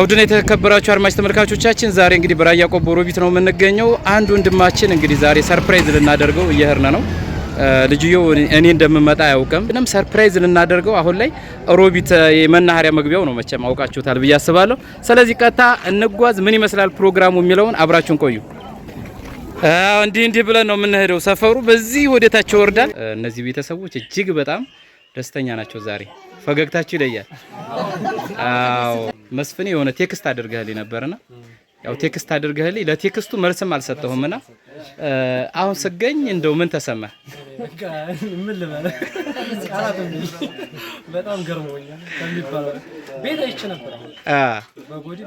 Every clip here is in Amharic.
ውድና የተከበራችሁ አድማጭ ተመልካቾቻችን ዛሬ እንግዲህ በራያ ቆቦ ሮቢት ነው የምንገኘው። አንድ ወንድማችን እንግዲህ ዛሬ ሰርፕራይዝ ልናደርገው እየሄድን ነው። ልጅየው እኔ እንደምመጣ አያውቅም። ምንም ሰርፕራይዝ ልናደርገው አሁን ላይ ሮቢት የመናኸሪያ መግቢያው ነው፣ መቼም አውቃችሁታል ብዬ አስባለሁ። ስለዚህ ቀጥታ እንጓዝ። ምን ይመስላል ፕሮግራሙ የሚለውን አብራችሁን ቆዩ። እንዲህ እንዲህ ብለን ነው የምንሄደው። ሰፈሩ በዚህ ወደታቸው ይወርዳል። እነዚህ ቤተሰቦች እጅግ በጣም ደስተኛ ናቸው ዛሬ ፈገግታችሁ ይለያል። አዎ መስፍኔ የሆነ ቴክስት አድርገህልኝ ነበርና ያው ቴክስት አድርገህልኝ ለቴክስቱ መልስም አልሰጠሁምና አሁን ስገኝ እንደው ምን ተሰማ? ምን ልበል? ልበልህ? በጣም ገርሞኛል። ቤት አይቼ ነበር። በጎዲ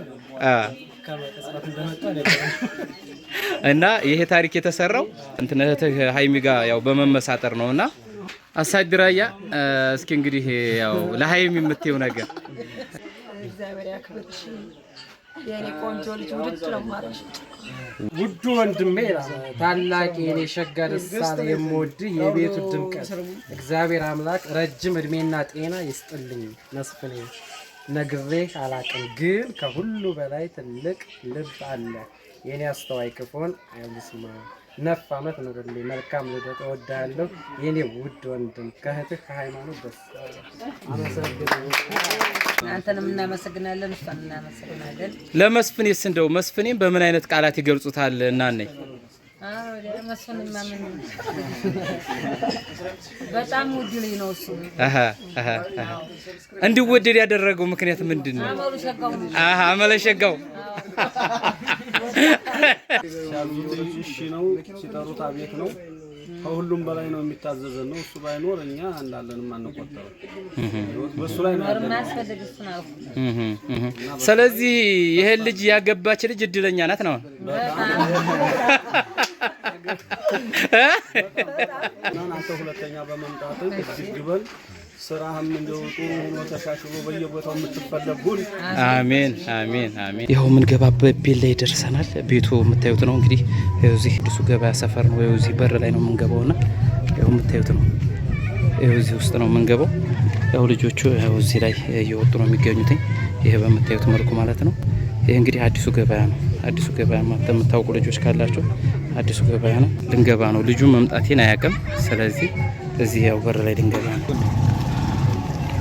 እና ይሄ ታሪክ የተሰራው እንትን እህትህ ሀይሚ ጋር ያው በመመሳጠር ነውና አሳድራያ እስኪ እንግዲህ ያው ለሀይም የምትየው ነገር ውዱ ወንድሜ ታላቅ የኔ ሸጋ ደስታ የምወድ የቤቱ ድምቀት እግዚአብሔር አምላክ ረጅም እድሜና ጤና ይስጥልኝ። መስፍኔ ነግሬ አላቅም፣ ግን ከሁሉ በላይ ትልቅ ልብ አለ። የኔ አስተዋይ ክፎን አይልስማ ነፍ አመት ነው። መልካም ልደት እወዳለሁ የኔ ውድ ወንድም ከእህትህ ከሃይማኖት በስ አንተንም እናመሰግናለን፣ እሷን እናመሰግናለን። ለመስፍን የስ እንደው መስፍኔም በምን አይነት ቃላት ይገልጹታል? እናነኝ በጣም ውድ ልጅ ነው እሱ። እንዲወደድ ያደረገው ምክንያት ምንድን ነው? አመለሸጋው እሺ ነው ሲጠሩት አቤት ነው። ከሁሉም በላይ ነው የሚታዘዘን ነው። እሱ ባይኖር እኛ እንዳለንም አንቆጠርም። በእሱ ላይ ነው ስለዚህ ይሄን ልጅ ያገባች ልጅ እድለኛ ናት ነው አንተ ሁለተኛ በመምጣት ግበል ስራህም እንደው ተሻሽሎ በየቦታው አሜን አሜን አሜን። ይኸው የምንገባበት ቤት ላይ ደርሰናል። ቤቱ የምታዩት ነው እንግዲህ እዚህ አዲሱ ገበያ ሰፈር ነው። እዚህ በር ላይ ነው የምንገባው እና ይኸው የምታዩት ነው። ይኸው እዚህ ውስጥ ነው የምንገባው። ያው ልጆቹ ይኸው እዚህ ላይ እየወጡ ነው የሚገኙትኝ። ይሄ በምታዩት መልኩ ማለት ነው። ይህ እንግዲህ አዲሱ ገበያ ነው። አዲሱ ገበያ የምታውቁ ልጆች ካላቸው አዲሱ ገበያ ነው። ልንገባ ነው። ልጁ መምጣቴን አያውቅም። ስለዚህ እዚህ ያው በር ላይ ልንገባ ነው።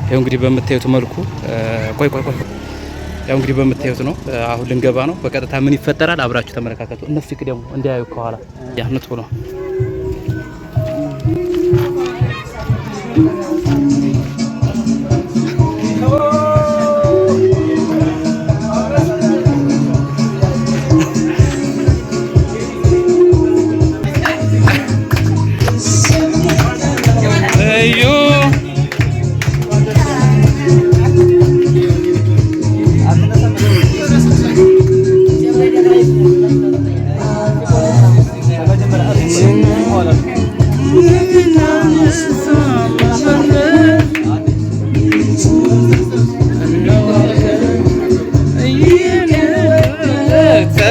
ይኸው እንግዲህ በምታዩት መልኩ ቆይ ቆይ ቆይ ያው እንግዲህ በምታዩት ነው። አሁን ልንገባ ነው። በቀጥታ ምን ይፈጠራል አብራችሁ ተመለካከቱ። እነሱ ደግሞ እንዳያዩ ከኋላ ያህነት ብሎ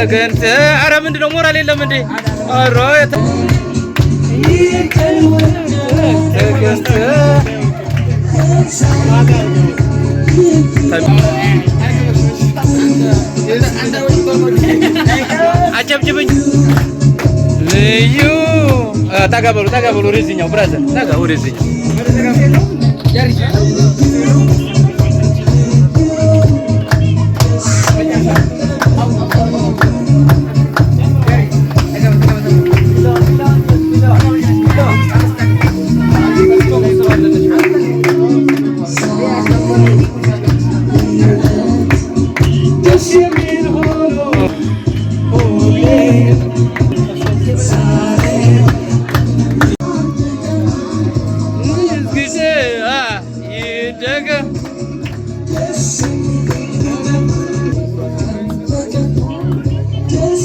agen, ada mending orang moralin lah mending, aroy. Tak aja. aja. aja. aja. aja. aja. aja. aja.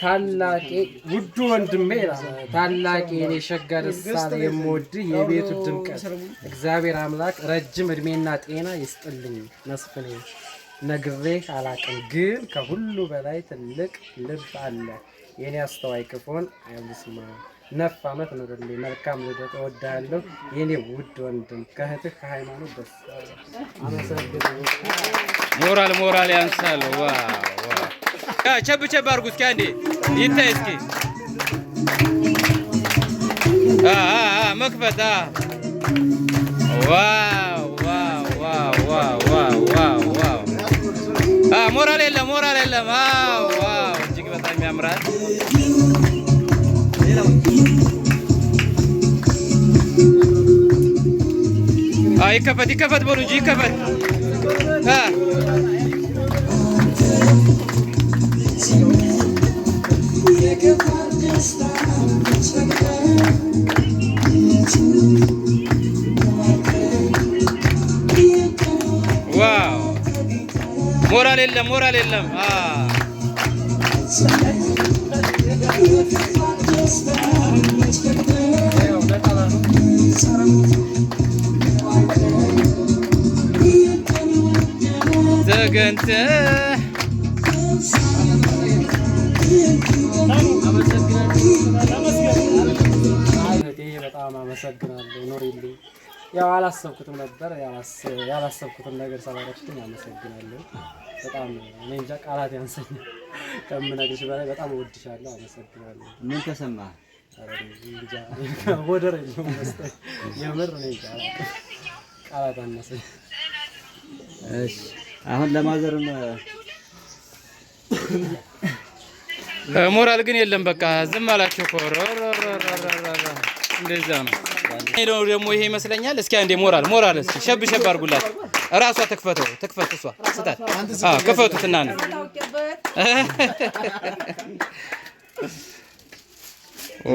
ታላቄ ውዱ ወንድሜ ይላል። ታላቄ የኔ ሸጋ ደሳለ የምወድህ የቤቱ ድምቀት እግዚአብሔር አምላክ ረጅም እድሜና ጤና ይስጥልኝ። መስፍኔ ነግሬ አላቅም፣ ግን ከሁሉ በላይ ትልቅ ልብ አለ። የኔ አስተዋይ ክፎን አይብስማ ነፍ አመት ኑርልኝ። መልካም ልደት እወዳለሁ የኔ ውድ ወንድም ከእህትህ ከሃይማኖት ደስ ሞራል ሞራል ያንሳል። ቸብ ቸብ አድርጉ እስኪ አንዴ ይታይ እስኪ መክፈት ሞራል የለም ሞራል የለም። እጅግ በጣም ያምራል። هاي آه، كفت كفت بولوجي كفت ها واو مورال يلم مورال يلم اه ተገንተ በጣም አመሰግናለሁ። ያው አላሰብኩትም ነበር ያላሰብኩትም ነገር አመሰግናለሁ። በጣም እኔ እንጃ ቃላት ያንሰኛል ከምነግርሽ በላይ በጣም እወድሻለሁ። አመሰግናለሁ። ምን ተሰማህ? ወደር የለውም የምር እኔ እንጃ ቃላት አነሰኝ። እሺ አሁን ለማዘርም ሞራል ግን የለም። በቃ ዝም አላቸው እኮ እንደዛ ነው። እኔ ደግሞ ይሄ ይመስለኛል። እስኪ አንዴ ሞራል ሞራል እስኪ ሸብ ሸብ አድርጉላት። እራሷ ተክፈተው ትክፈት እሷ ስታት ክፈቱትና ነው ኦ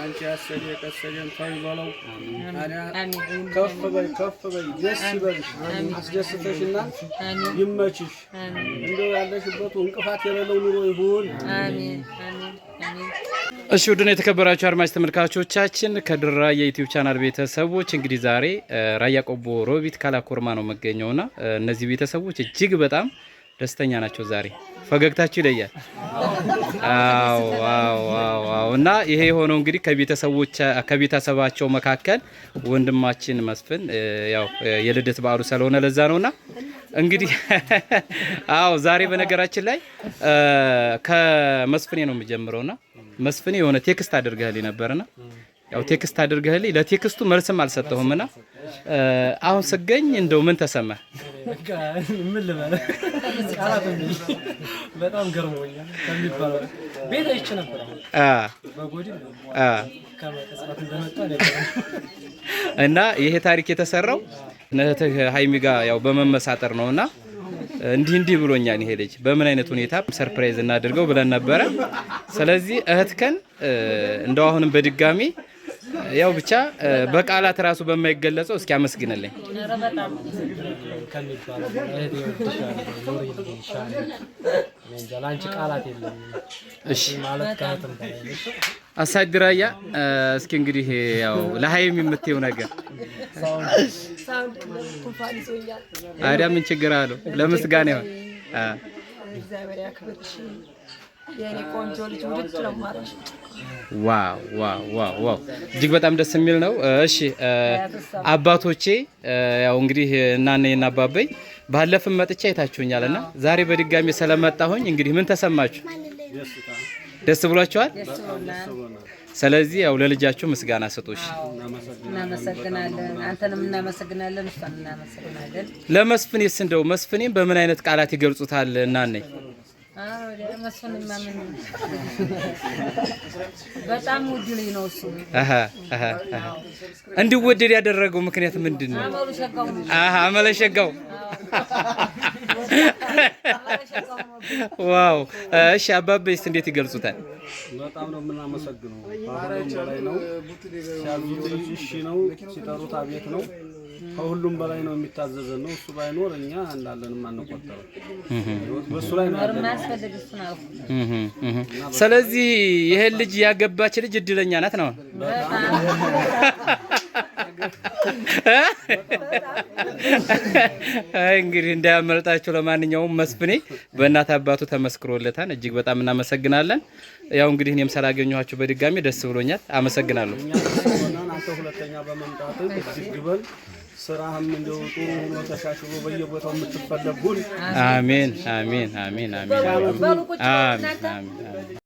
አንቺ ያሰሪ የቀሰሪን ተይ በለው። ከፍ በይ ከፍ በይ ደስ ይበልሽ፣ አስደስተሽና ይመችሽ። እንደው ያለሽበት እንቅፋት የሌለው ኑሮ ይሁን። እሺ ውድና የተከበራችሁ አድማጭ ተመልካቾቻችን ከድራ የዩቲዩብ ቻናል ቤተሰቦች እንግዲህ ዛሬ ራያ ቆቦ ሮቢት ካላኮርማ ነው መገኘውና እነዚህ ቤተሰቦች እጅግ በጣም ደስተኛ ናቸው። ዛሬ ፈገግታችሁ ይለያል። አዎ አዎ አዎ። እና ይሄ የሆነው እንግዲህ ከቤተሰቦች ከቤተሰባቸው መካከል ወንድማችን መስፍን ያው የልደት በዓሉ ስለሆነ ለዛ ነውና እንግዲህ አዎ፣ ዛሬ በነገራችን ላይ ከመስፍኔ ነው የምጀምረውና መስፍኔ የሆነ ቴክስት አድርገህልኝ ነበርና ያው ቴክስት አድርገህልኝ ለቴክስቱ መልስም አልሰጠሁምና አሁን ስገኝ እንደው ምን ተሰማ? ምን ቃላት በጣም ገርሞኛል። ከሚባለው ቤት አይቼ ነበር። እና ይሄ ታሪክ የተሰራው እህትህ ሀይሚ ጋር ያው በመመሳጠር ነውና እንዲህ እንዲህ ብሎኛል ይሄ ልጅ በምን አይነት ሁኔታ ሰርፕራይዝ እናድርገው ብለን ነበረ። ስለዚህ እህትከን እንደው አሁንም በድጋሚ ያው ብቻ በቃላት ራሱ በማይገለጸው እስኪ አመስግንልኝ። አሳድራያ እስኪ እንግዲህ ያው ለሀይም የምትየው ነገር አዳ ምን ችግር አለው? ለምስጋና ይሆን። የእኔ ቆንጆ ልጅ ዋው ዋው ዋው ዋው እጅግ በጣም ደስ የሚል ነው። እሺ አባቶቼ ያው እንግዲህ እናነኝና አባበይ ባለፍም መጥቻ አይታችሁኛል እና ዛሬ በድጋሚ ስለመጣሁኝ እንግዲህ ምን ተሰማችሁ? ደስ ብሏችኋል? ስለዚህ ያው ለልጃችሁ ምስጋና ስጡሽ። እናመሰግናለን። አንተንም እናመሰግናለን፣ እሷን እናመሰግናለን። ለመስፍኔስ እንደው መስፍኔም በምን አይነት ቃላት ይገልጹታል እናነኝ? በጣም ውድ ልጅ ነው እሱ። እንዲወደድ ያደረገው ምክንያት ምንድን ነው? አመለሸጋው ዋው! እሺ አባቤስ እንዴት ይገልጹታል? በጣም ነው የምናመሰግነው። ነው ሲጠሩት አቤት ነው ከሁሉም በላይ ነው የሚታዘዘ ነው። እሱ ባይኖር እኛ በእሱ ላይ ነው። ስለዚህ ይሄን ልጅ ያገባች ልጅ እድለኛ ናት ነው። እንግዲህ እንዳያመልጣችሁ። ለማንኛውም መስፍኔ በእናት አባቱ ተመስክሮለታል። እጅግ በጣም እናመሰግናለን። ያው እንግዲህ እኔም ስላገኘኋችሁ በድጋሚ ደስ ብሎኛል። አመሰግናለሁ። ስራህም እንደው ጥሩ ሆኖ ተሻሽሎ በየቦታው የምትፈለጉን አሜን አሜን አሜን አሜን አሜን አሜን